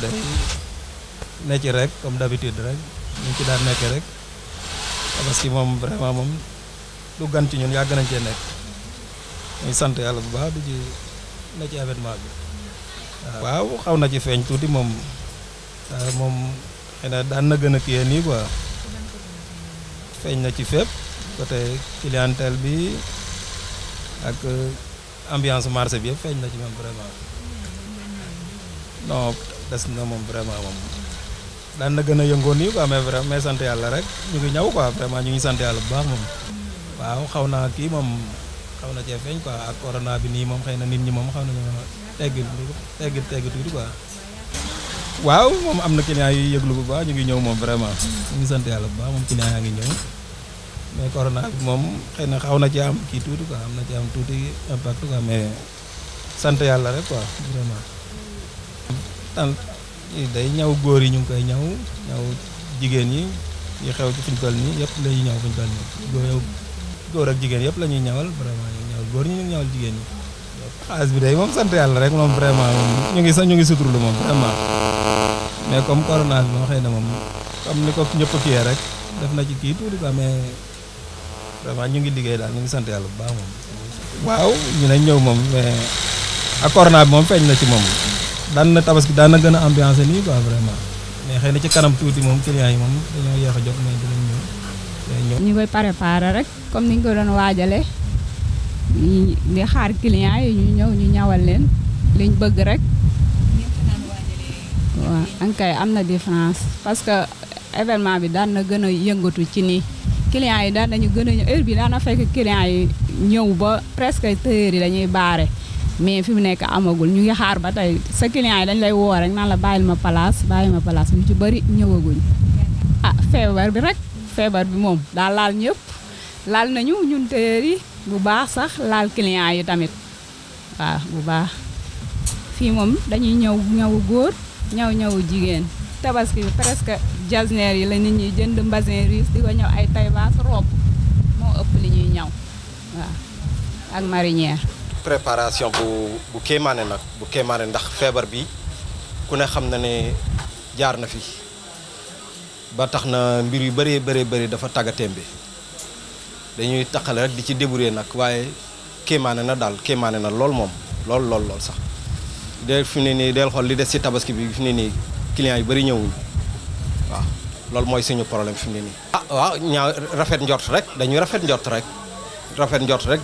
bi def ne ci rek comme d'habitude rek ñu ci daan nekk rek parce que moom vraiment moom du gan ci ñun yàgg nañ cee nekk muy sant yàlla bu baax di ci ne ci événement bi waaw xaw na ci feeñ tuuti moom moom xëy na daan na gën a kiyee nii quoi feeñ na ci fépp côté clientèle bi ak ambiance marché bi yëpp feeñ na ci moom vraiment non des na moom vraiment moom daan na gën a yëngoon nii quoi mais vraiment mais sante yàlla rek ñu ngi ñaw quoi vraiment ñu ngi sant yàlla bu baax moom waaw xaw naa kii moom xaw na cee feeñ quoi ak corona bi nii moom xëy na nit ñi moom xaw nañu teggil teggil teggil tuuti quoi waaw mom am na client yu yëglu bu baax ñu ngi ñëw moom vraiment ñu ngi sant yàlla bu baax moom client yaa ñëw mais corona bi moom xëy na na ci am kii tuuti quoi am na ci am tuuti impact quoi mais sant yàlla rek quoi vraiment tan eh, day ñaw goor yi ñu koy ñaw ñaw jigéen yi yi xew ci fiñ toll ni yépp la ñuy ñaw fiñ toll nii góor góor ak jigéen yépp lañuy ñawal vraiment ñu ñawal góor ñu ñawal jigéen yi xaas bi day moom sant yàlla rek moom vraiment ñu ngi sa ñu ngi suturlu moom vraiment mais comme corona bi moom xëy na moom comme ni ko ñëpp kiyee rek def na ci kii tuuti quoi mais vraiment ñu ngi liggéey daal ñu ngi sant yàlla bu baax moom waaw ñu ne ñëw moom mais ak corona bi moom feeñ na ci moom daan na tabaski daan na gën a ambiance nii quoi vraiment mais xëy ci kanam tuuti moom clients yi moom dañoo yéex a jot mais dinañ ñëw dinañ ñëw. ñu rek comme ni ñu ko doon waajalee ñu di xaar clients yi ñu ñëw ñu ñawal leen liñ bëgg rek. waaw ankay am na différence parce que événement bi daan na gën a yëngatu ci nii clients yi daan nañu gën a ñëw heure bi daan na fekk clients yi ñëw ba presque tëyeer yi dañuy baare. mais fi mu nekk amagul ñu ngi xaar ba tey sa client yi dañ lay woo rek naan la bàyyil ma palaas bàyyil ma place ñu ci bëri ñëwaguñ ah feebar bi rek feebar bi moom daal laal ñëpp laal nañu ñun téer yi bu baax sax laal client yi tamit waaw bu baax fii moom dañuy ñëw ñëw góor ñëw ñëw jigéen tabaski presque jasneer yi la nit ñi jënd mbasin riis di ko ñëw ay taybaas rob moo ëpp li ñuy ñaw waaw ak marinière préparation bu bu kémané nak bu kémané ndax fièvre bi ku ne xamna na jaar na fi ba tax na mbir yu béré béré béré dafa tàggateem bi dañuy takal rek di ci débrouiller nak wayé kémané na dal kémané na lol mom lol lol lol sax del fini ni del li des ci tabaski bi fini ni client yu bëri ñëwuñu waaw lol moy suñu problème fini ni ah waaw ñaaw rafet njort rek dañuy rafet njort rek rafet njort rek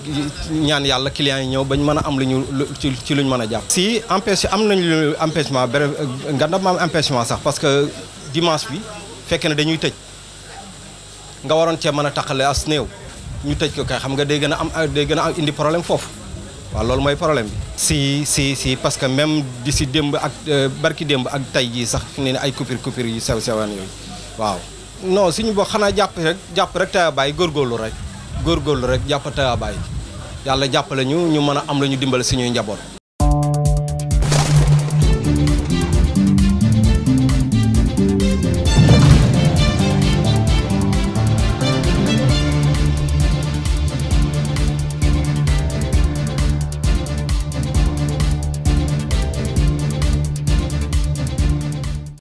ñaan yalla client yi ñew bañ mëna am lu ci ci luñ mën a si empêche am nañu empêchement bref ganda ma am empêchement sax parce que dimanche bi fekké na dañuy tejj nga waron ci mëna takalé as new ñu tejj ko kay xam nga day gëna am day gëna indi problème fofu wa lool moy problème bi. si si si parce que même d'ici demb ak euh, barki demb ak tay ji sax fini ay coupure coupure yu sew sewaan yoy waaw. non suñu bo xana japp rek japp rek tay bàyyi gorgolu rek. góorgóorlu rek jàpp te a bàyyi yàlla jàppale ñu ñu mën a am la ñu dimbale suñuy njaboot